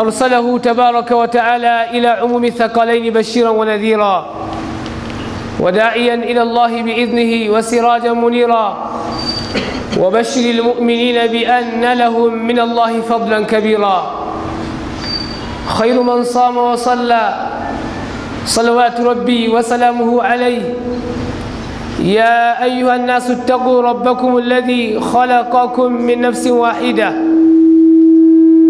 أرسله تبارك وتعالى إلى عموم الثقلين بشيرا ونذيرا وداعيا إلى الله بإذنه وسراجا منيرا وبشر المؤمنين بأن لهم من الله فضلا كبيرا خير من صام وصلى صلوات ربي وسلامه عليه يا أيها الناس اتقوا ربكم الذي خلقكم من نفس واحدة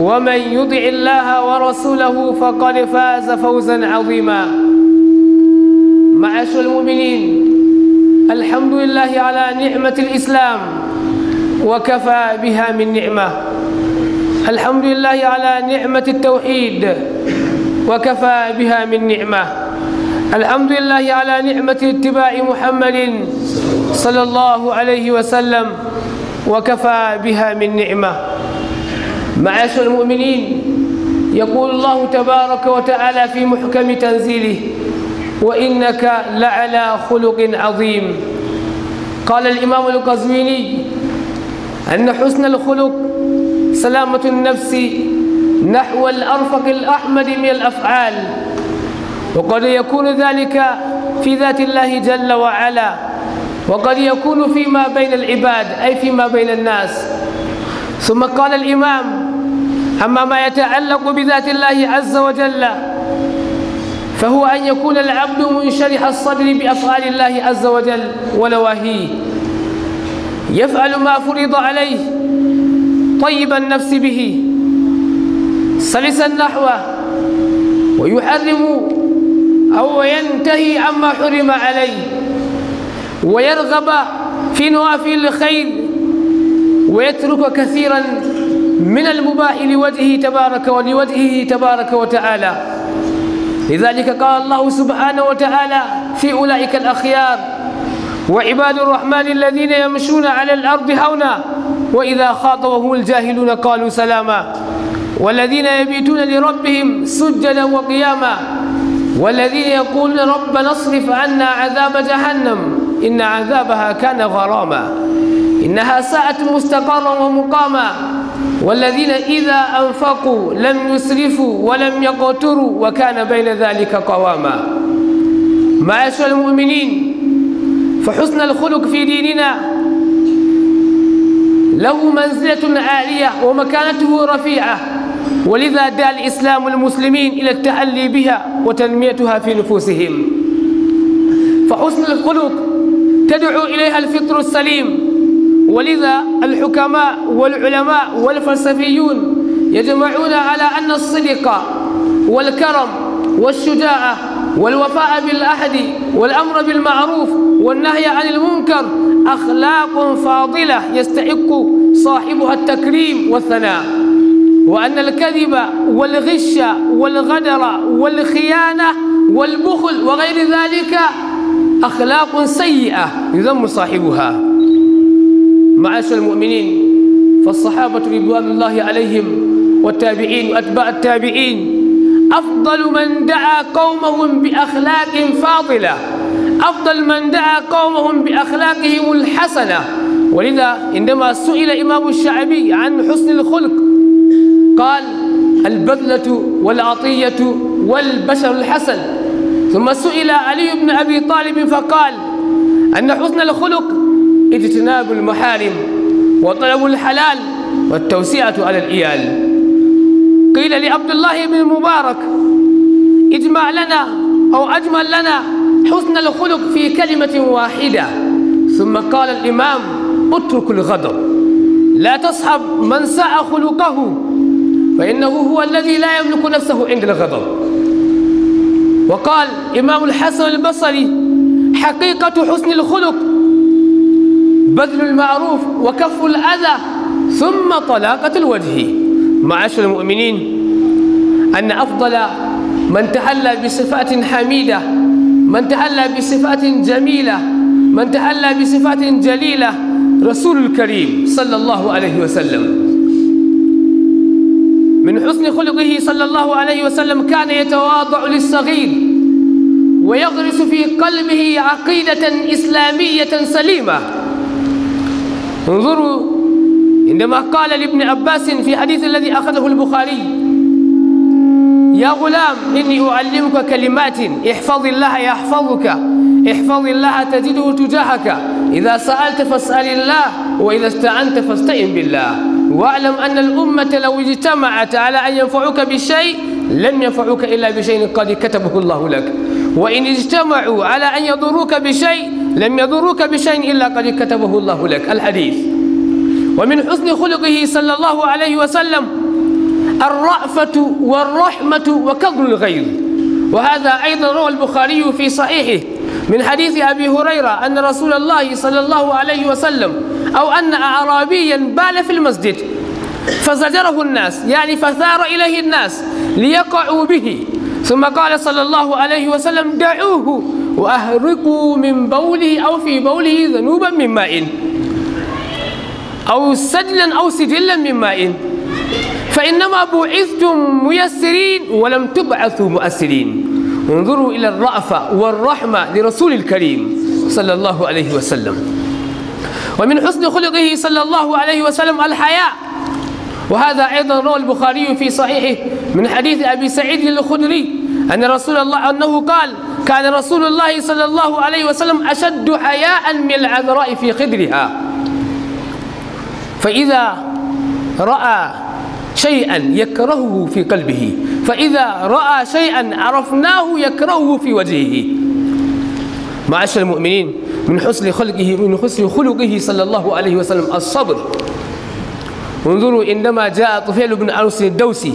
ومن يطع الله ورسوله فقد فاز فوزا عظيما معاشر المؤمنين الحمد لله على نعمة الإسلام وكفى بها من نعمة الحمد لله على نعمة التوحيد وكفى بها من نعمة الحمد لله على نعمة اتباع محمد صلى الله عليه وسلم وكفى بها من نعمه معاشر المؤمنين يقول الله تبارك وتعالى في محكم تنزيله وإنك لعلى خلق عظيم قال الإمام القزويني أن حسن الخلق سلامة النفس نحو الأرفق الأحمد من الأفعال وقد يكون ذلك في ذات الله جل وعلا وقد يكون فيما بين العباد أي فيما بين الناس ثم قال الإمام أما ما يتعلق بذات الله عز وجل فهو أن يكون العبد منشرح الصدر بأفعال الله عز وجل ونواهيه يفعل ما فرض عليه طيب النفس به سلسا نحوه ويحرم أو ينتهي عما حرم عليه ويرغب في نوافل الخير ويترك كثيرا من المباح لوجهه تبارك ولوجهه تبارك وتعالى لذلك قال الله سبحانه وتعالى في أولئك الأخيار وعباد الرحمن الذين يمشون على الأرض هونا وإذا خاطبهم الجاهلون قالوا سلاما والذين يبيتون لربهم سجدا وقياما والذين يقولون ربنا اصرف عنا عذاب جهنم إن عذابها كان غراما إنها ساءت مستقرا ومقاما والذين إذا أنفقوا لم يسرفوا ولم يقتروا وكان بين ذلك قواما معاشر المؤمنين فحسن الخلق في ديننا له منزلة عالية ومكانته رفيعة ولذا دعا الإسلام المسلمين إلى التألي بها وتنميتها في نفوسهم فحسن الخلق تدعو إليها الفطر السليم ولذا الحكماء والعلماء والفلسفيون يجمعون على أن الصدق والكرم والشجاعة والوفاء بالأحد والأمر بالمعروف والنهي عن المنكر أخلاق فاضلة يستحق صاحبها التكريم والثناء وأن الكذب والغش والغدر والخيانة والبخل وغير ذلك أخلاق سيئة يذم صاحبها معاشر المؤمنين فالصحابة رضوان الله عليهم والتابعين وأتباع التابعين أفضل من دعا قومهم بأخلاق فاضلة أفضل من دعا قومهم بأخلاقهم الحسنة ولذا عندما سئل إمام الشعبي عن حسن الخلق قال البذلة والعطية والبشر الحسن ثم سئل علي بن أبي طالب فقال أن حسن الخلق اجتناب المحارم وطلب الحلال والتوسعة على الإيال قيل لعبد الله بن المبارك اجمع لنا أو أجمل لنا حسن الخلق في كلمة واحدة ثم قال الإمام اترك الغدر لا تصحب من سعى خلقه فإنه هو الذي لا يملك نفسه عند الغضب وقال إمام الحسن البصري حقيقة حسن الخلق بذل المعروف وكف الأذى ثم طلاقة الوجه معاشر المؤمنين أن أفضل من تحلى بصفات حميدة من تحلى بصفات جميلة من تحلى بصفات جليلة رسول الكريم صلى الله عليه وسلم من حسن خلقه صلى الله عليه وسلم كان يتواضع للصغير ويغرس في قلبه عقيدة إسلامية سليمة انظروا عندما قال لابن عباس في حديث الذي أخذه البخاري يا غلام إني أعلمك كلمات احفظ الله يحفظك احفظ الله تجده تجاهك إذا سألت فاسأل الله وإذا استعنت فاستعن بالله واعلم أن الأمة لو اجتمعت على أن ينفعوك بشيء لم ينفعوك إلا بشيء قد كتبه الله لك وإن اجتمعوا على أن يضروك بشيء لم يضروك بشيء إلا قد كتبه الله لك الحديث ومن حسن خلقه صلى الله عليه وسلم الرأفة والرحمة وكظم الغيظ وهذا أيضا روى البخاري في صحيحه من حديث أبي هريرة أن رسول الله صلى الله عليه وسلم أو أن أعرابيا بال في المسجد فزجره الناس يعني فثار إليه الناس ليقعوا به ثم قال صلى الله عليه وسلم دعوه وأهرقوا من بوله أو في بوله ذنوبا من ماء أو سجلا أو سجلا من ماء فإنما بعثتم ميسرين ولم تبعثوا مؤسرين انظروا إلى الرأفة والرحمة لرسول الكريم صلى الله عليه وسلم ومن حسن خلقه صلى الله عليه وسلم الحياء وهذا أيضا روى البخاري في صحيحه من حديث أبي سعيد الخدري أن رسول الله أنه قال كان رسول الله صلى الله عليه وسلم أشد حياء من العذراء في خدرها فإذا رأى شيئا يكرهه في قلبه فإذا رأى شيئا عرفناه يكرهه في وجهه معاشر المؤمنين من حسن خلقه من حسن خلقه صلى الله عليه وسلم الصبر انظروا عندما جاء طفيل بن عروس الدوسي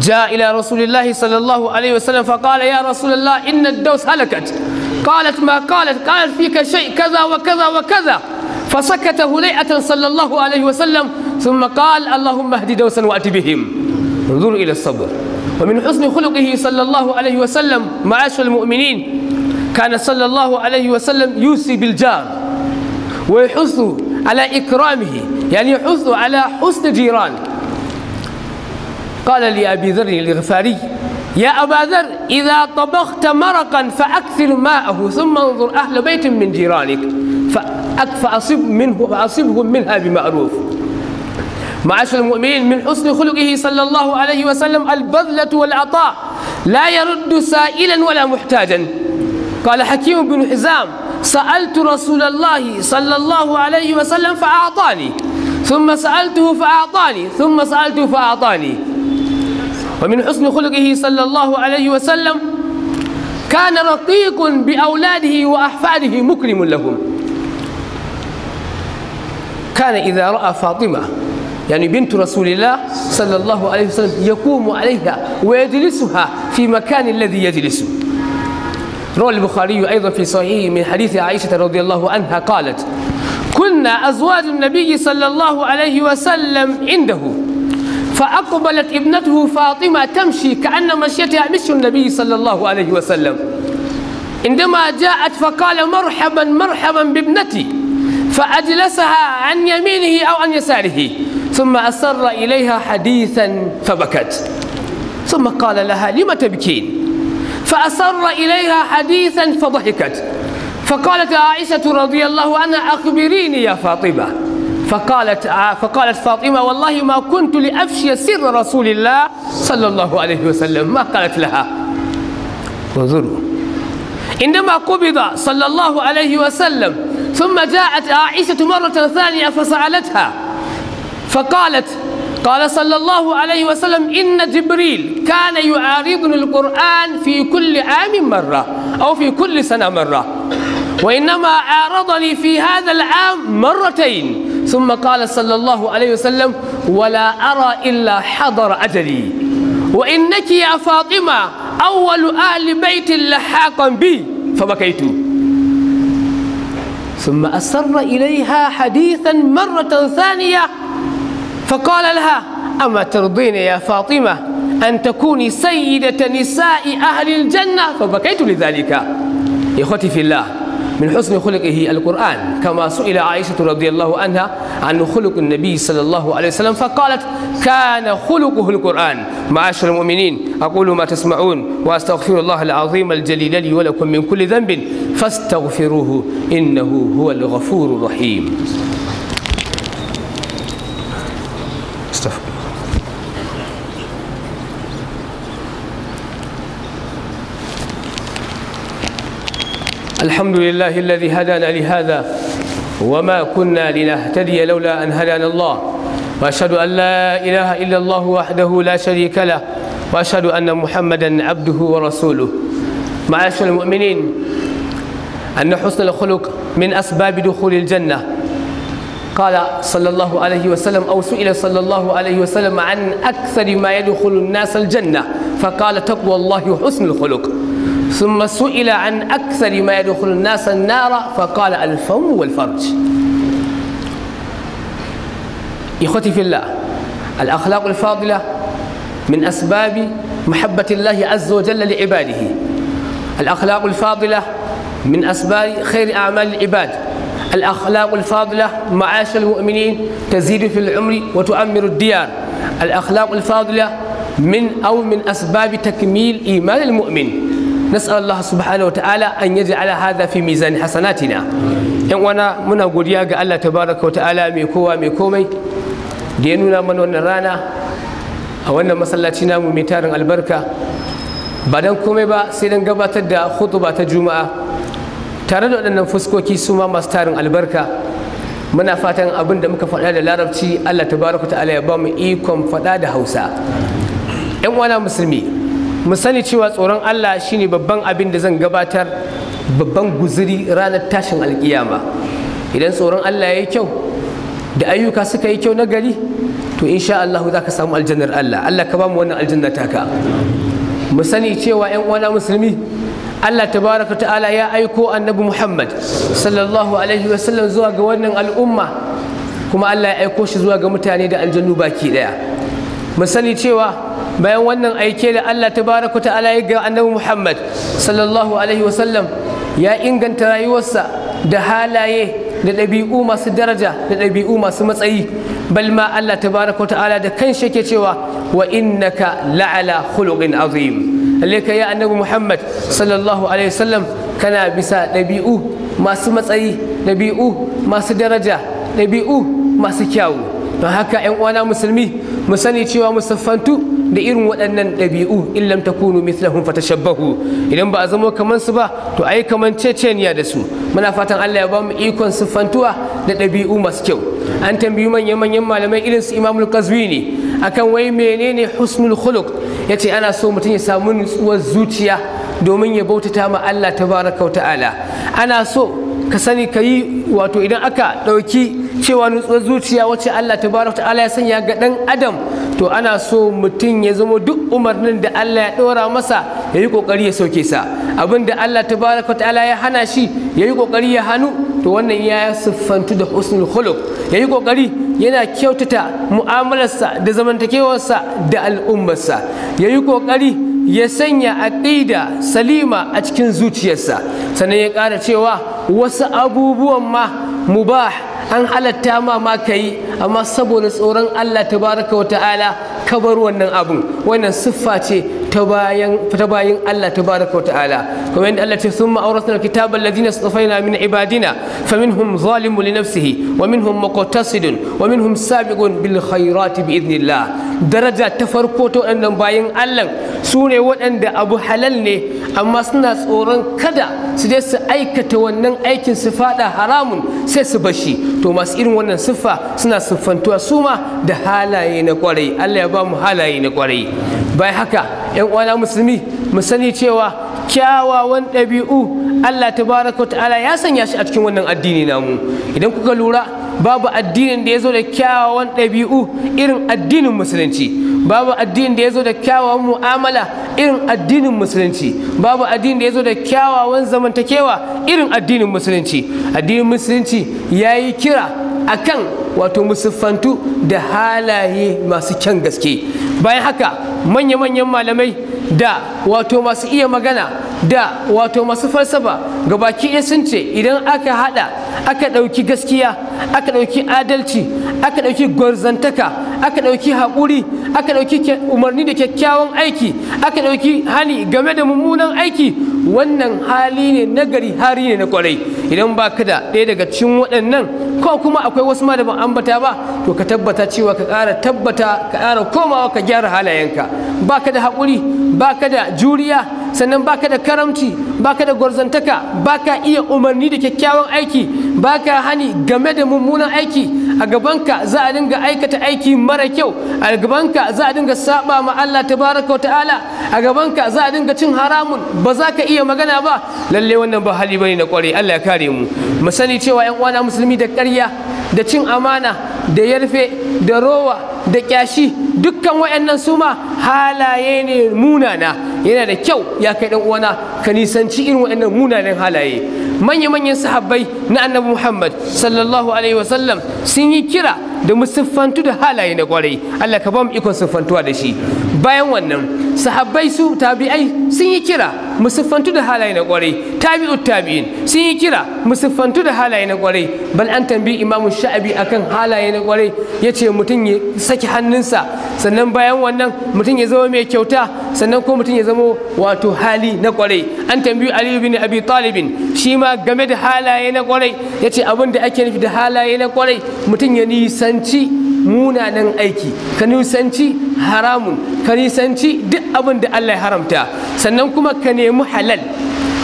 جاء إلى رسول الله صلى الله عليه وسلم فقال يا رسول الله إن الدوس هلكت قالت ما قالت قالت فيك شيء كذا وكذا وكذا فسكت هليئة صلى الله عليه وسلم ثم قال اللهم اهد دوسا وأت بهم انظروا إلى الصبر ومن حسن خلقه صلى الله عليه وسلم معاشر المؤمنين كان صلى الله عليه وسلم يوصي بالجار ويحث على إكرامه يعني يحث على حسن جيرانه قال لأبي ذر الغفاري يا أبا ذر إذا طبخت مرقا فأكثر ماءه ثم انظر أهل بيت من جيرانك فأصب منه فأصبهم منها بمعروف معاشر المؤمنين من حسن خلقه صلى الله عليه وسلم البذلة والعطاء لا يرد سائلا ولا محتاجا قال حكيم بن حزام سألت رسول الله صلى الله عليه وسلم فأعطاني ثم سألته فأعطاني ثم سألته فأعطاني ومن حسن خلقه صلى الله عليه وسلم كان رقيق بأولاده وأحفاده مكرم لهم كان إذا رأى فاطمة يعني بنت رسول الله صلى الله عليه وسلم يقوم عليها ويجلسها في مكان الذي يجلس روى البخاري أيضا في صحيحه من حديث عائشة رضي الله عنها قالت كنا أزواج النبي صلى الله عليه وسلم عنده فأقبلت ابنته فاطمة تمشي كأن مشيتها مشي النبي صلى الله عليه وسلم عندما جاءت فقال مرحبا مرحبا بابنتي فأجلسها عن يمينه أو عن يساره ثم أسر إليها حديثا فبكت ثم قال لها لم تبكين فأسر إليها حديثا فضحكت فقالت عائشة رضي الله عنها أخبريني يا فاطمة فقالت آه، فقالت فاطمة والله ما كنت لأفشي سر رسول الله صلى الله عليه وسلم ما قالت لها انظروا عندما قبض صلى الله عليه وسلم ثم جاءت عائشة مرة ثانية فسألتها فقالت قال صلى الله عليه وسلم إن جبريل كان يعارضني القرآن في كل عام مرة أو في كل سنة مرة وإنما عارضني في هذا العام مرتين ثم قال صلى الله عليه وسلم ولا أرى إلا حضر أجلي وإنك يا فاطمة أول أهل بيت لحاقا بي فبكيت ثم أسر إليها حديثا مرة ثانية فقال لها أما ترضين يا فاطمة أن تكوني سيدة نساء أهل الجنة فبكيت لذلك إخوتي في الله من حسن خلقه القرآن كما سئل عائشة رضي الله عنها عن خلق النبي صلى الله عليه وسلم فقالت كان خلقه القرآن معاشر المؤمنين أقول ما تسمعون وأستغفر الله العظيم الجليل لي ولكم من كل ذنب فاستغفروه إنه هو الغفور الرحيم الحمد لله الذي هدانا لهذا وما كنا لنهتدي لولا أن هدانا الله وأشهد أن لا إله إلا الله وحده لا شريك له وأشهد أن محمدا عبده ورسوله معاشر المؤمنين أن حسن الخلق من أسباب دخول الجنة قال صلى الله عليه وسلم أو سئل صلى الله عليه وسلم عن أكثر ما يدخل الناس الجنة فقال تقوى الله حسن الخلق ثم سئل عن أكثر ما يدخل الناس النار فقال الفم والفرج إخوتي في الله الأخلاق الفاضلة من أسباب محبة الله عز وجل لعباده الأخلاق الفاضلة من أسباب خير أعمال العباد الأخلاق الفاضلة معاش المؤمنين تزيد في العمر وتؤمر الديار الأخلاق الفاضلة من أو من أسباب تكميل إيمان المؤمن nas'al Allah subhanahu wa ta'ala an yaj'ala hadha fi mizan hasanatina yan wana muna godiya ga Allah tabaraka wa ta'ala mai kowa mai komai da ya nuna mana wannan rana a wannan masallaci namu mai tarin albarka ba dan komai ba sai dan gabatar da ba ta juma'a tare da waɗannan fuskoki su ma masu tarin albarka muna fatan abin da muka faɗa da larabci Allah tabaraka ta'ala ya ba mu ikon faɗa da Hausa yan musulmi mu sani cewa tsoron Allah shine babban abin da zan gabatar babban guzuri ranar tashin alkiyama idan tsoron Allah ya yi kyau da ayyuka suka yi kyau na gari to insha Allah za ka samu aljannar Allah Allah ka ba mu wannan aljanna taka mu sani cewa yan uwana musulmi Allah tabaraka ta'ala ya aiko annabi Muhammad sallallahu alaihi wa sallam zuwa ga wannan al'umma kuma Allah ya aiko shi zuwa ga mutane da aljannu baki daya mu sani cewa bayan wannan aike da Allah tabaraka ta'ala ya ga annabi Muhammad sallallahu alaihi wasallam ya inganta rayuwarsa da halaye da ɗabi'u masu daraja da ɗabi'u masu matsayi bal ma Allah tabaraka ta'ala da kan shi yake cewa wa innaka la'ala khuluqin azim alaika ya annabi Muhammad sallallahu alaihi wasallam kana bisa ɗabi'u masu matsayi ɗabi'u masu daraja ɗabi'u masu kyawu don haka 'yan uwana musulmi mu sani cewa musaffantu da irin waɗannan ɗabi'u in ta kunu mithlahum fatashabbahu idan ba a zamo kamar su ba to ai kamar ceceniya da su muna fatan Allah ya ba mu ikon siffantuwa da ɗabi'u masu kyau an tambayi manyan manyan malamai irin su Imamul Qazwini akan wai menene husnul khuluq yace ana so mutum ya samu nutsuwar zuciya domin ya bautata ma Allah tabaraka wa ta'ala ana so ka sani ka yi wato idan aka ɗauki cewa nutsuwar zuciya wacce Allah tabaraka ta'ala ya sanya ga dan adam to ana so mutum ya zama duk umarnin da Allah ya ɗora masa ya yi ƙoƙari ya sauke sa abin da Allah tabaraka ta'ala ya hana shi ya yi ƙoƙari ya hannu to wannan ya siffantu da husnul khuluq ya yi ƙoƙari yana kyautata mu'amalarsa da zamantakewarsa da al'ummarsa ya yi ƙoƙari ya sanya aƙida salima a cikin zuciyarsa sannan ya ƙara cewa wasu abubuwan ma mubah an halatta ma ma ka yi amma saboda tsoron Allah ta wa ta'ala ka bar wannan abun wannan siffa ce ta bayan ta ba Allah tabaraka wa ta'ala kuma yadda Allah ce summa lazina alkitaba alladhina istafaina min ibadina faminhum zalimu li nafsihi wa minhum muqtasidun wa minhum sabiqun bil khairati bi idnillah daraja ta farko ta waɗannan bayan Allah su ne waɗanda abu halal ne amma suna tsoron kada su je su aikata wannan aikin su fada haramun sai su bashi to masu irin wannan siffa suna siffantuwa su ma da halaye na kwarai Allah ya ba mu halaye na kwarai bai haka yan uwana musulmi mu sani cewa kyawawan ɗabi'u Allah tabaraka ta'ala ya sanya shi a cikin wannan addini namu idan kuka lura babu addinin da ya zo da kyawawan ɗabi'u irin addinin musulunci babu addinin da ya zo da kyawawan mu'amala irin addinin musulunci babu addinin da ya zo da kyawawan zamantakewa irin addinin musulunci addinin musulunci ya yi kira akan wato musuffantu da halaye masu kyan gaske bayan haka manya-manyan malamai da wato masu iya magana da wato masu falsafa gabaki ɗaya sun ce idan aka haɗa aka ɗauki gaskiya aka ɗauki adalci aka ɗauki gwarzantaka aka ɗauki haƙuri aka ɗauki umarni da kyakkyawan aiki aka ɗauki hali game da mummunan aiki wannan hali ne nagari hari ne na kwarai idan ba ka da ɗaya daga cikin waɗannan ko kuma akwai wasu ma da ban ambata ba to ka tabbata cewa ka ƙara tabbata ka ƙara komawa ka gyara halayenka ba ka da haƙuri ba ka da juriya sannan baka da karamci baka da gwarzantaka baka iya umarni da kyakkyawan aiki baka hani game da mummunan aiki a gabanka za a dinga aikata aiki mara kyau a gabanka za a dinga saba ma Allah tabaraka ta'ala a gabanka za a dinga cin haramun ba za ka iya magana ba lalle wannan ba hali bane na kware Allah ya kare mu mu sani cewa yan uwana musulmi da ƙarya da cin amana da yarfe da rowa da kyashi dukkan wayannan su ma halaye ne munana yana da kyau ya kai dan uwana ka nisanci irin waɗannan munanan halaye manya-manyan sahabbai na annabi Muhammad sallallahu alaihi wasallam sun yi kira da mu da halaye na kwarai Allah ka ba mu ikon siffantuwa da shi bayan wannan sahabbai su tabi'ai sun yi kira Musuffantu da halaye na kwarai tabi'u tabi'in sun yi kira musuffantu da halaye na kwarai bal an tambayi imamu sha'abi akan halaye na kwarai yace mutum ya saki hannunsa sannan bayan wannan mutum ya zama mai kyauta sannan ko mutum ya zama wato hali na kwarai an tambayi aliyu bin abi talibin shi ma game da halaye na kwarai yace abin da ake nufi da halaye na kwarai mutum ya nisanci munanan aiki ka nisanci haramun ka nisanci duk abin da Allah ya haramta sannan kuma ka nemi halal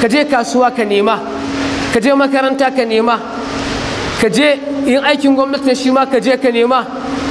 ka je kasuwa ka nema ka je makaranta ka nema ka je yin aikin gwamnati shi ma ka je ka nema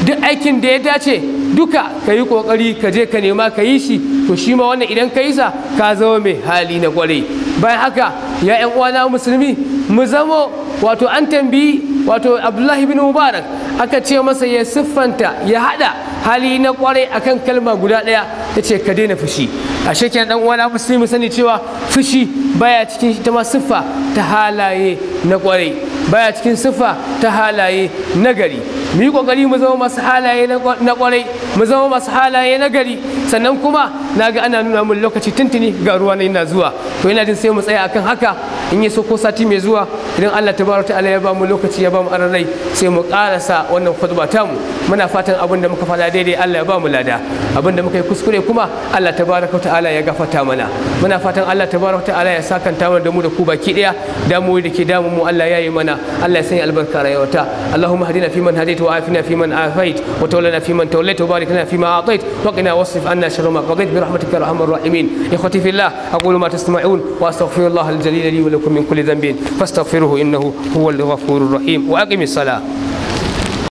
duk aikin da ya dace duka ka yi kokari ka je ka nema ka yi shi to shi ma wannan idan ka yi sa ka zama mai hali na kwarai bayan haka ya yan uwana musulmi mu zamo wato an tambayi wato abdullahi bin mubarak aka ce masa ya siffanta ya hada hali na kwarai akan kalma guda daya ya ce ka daina fushi a shekin dan uwana musulmi sani cewa fushi baya cikin ita ma siffa ta halaye na kwarai baya cikin siffa ta halaye na gari mu yi kokari mu zama masu halaye na kwarai mu zama masu halaye na gari sannan kuma na ga ana nuna mun lokaci tuntuni ga ruwa na yana zuwa to ina jin sai mu tsaya akan haka in yi so ko sati mai zuwa idan Allah tabaraka ta'ala ya ba mu lokaci ya ba mu ararai sai mu karasa wannan khutba ta mu muna fatan abin da muka fada daidai Allah ya ba mu lada abin da muka yi kuskure kuma Allah tabaraka ta'ala ya gafarta mana muna fatan Allah tabaraka ta'ala ya sakanta mana da mu da ku baki daya damu da ke damu mu Allah ya yi mana Allah ya sanya albarka rayuwata Allahumma hadina fi man hadaita وعافنا فيمن عافيت وتولنا فيمن توليت وبارك لنا فيما أعطيت وقنا واصرف عنا شر ما قضيت برحمتك يا أرحم الراحمين إخوتي في الله أقول ما تسمعون وأستغفر الله الجليل لي ولكم من كل ذنب فاستغفروه إنه هو الغفور الرحيم وأقم الصلاة